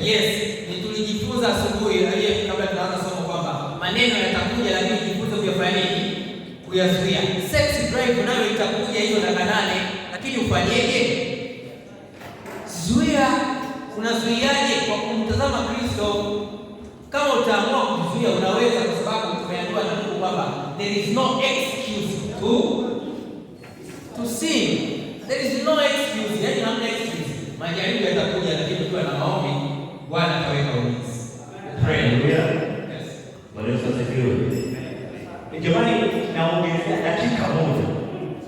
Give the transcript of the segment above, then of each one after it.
Yes, ni tulijifunza asubuhi aliye kabla tunaanza somo kwamba maneno yatakuja, lakini jifunze kuyafanya nini? Kuyazuia. Sex drive nayo itakuja hiyo na kanane, lakini ufanyeje? Zuia. Unazuiaje? Kwa kumtazama Kristo. Kama utaamua kuzuia, unaweza kwa sababu tumeambiwa na Mungu kwamba there is no excuse to to sin. There is no excuse, yaani hamna excuse. Majaribu naongezea dakika moja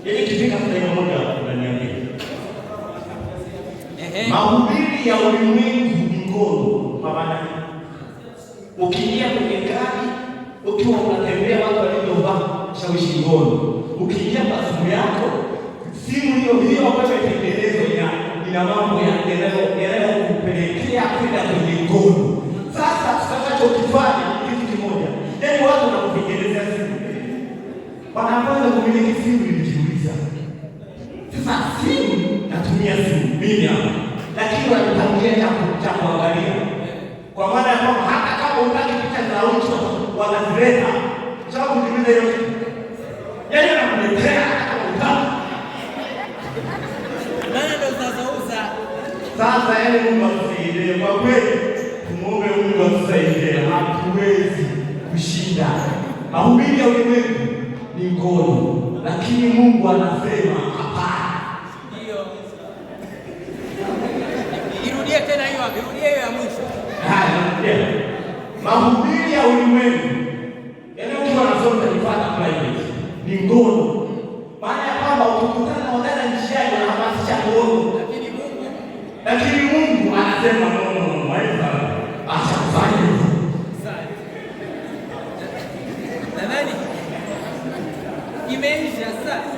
ili kifika dakika moja unaniambia. Mahubiri ya ulimwengu mgono mabana, ukiingia kwenye gari ukiwa unatembea watu walivyovaa shawishi ngono, ukiingia basi yako simu hiyo hiyo ambayo itengenezwa ina ina mambo ya kwenda kwenye ngono. Sasa tutakachokifanya kitu kimoja, yaani watu wanakutengenezea simu wanapata kumiliki simu. Nilijiuliza sasa, simu natumia simu mimi hapa, lakini wanipangia cha kuangalia, kwa maana ya kwamba hata kama utaki picha za uso wanazileta chakujuliza hiyo yeye yaani anakuletea Sasa yaani, Mungu atusaidie kwa kweli, tumuombe Mungu atusaidie, hatuwezi kushinda mahubiri ya ulimwengu mikono, lakini Mungu anasema hapana. Ndio. Irudie tena hiyo, irudie hiyo ya mwisho. Haya, Mahubiri ya ulimwengu yale mtu anasoma kujipata private ni ngono, maana ya kwamba ukikutana na wadada njiani wanahamasisha ngono, lakini Mungu lakini Mungu anasema ngono, ngono, no, 你们十四。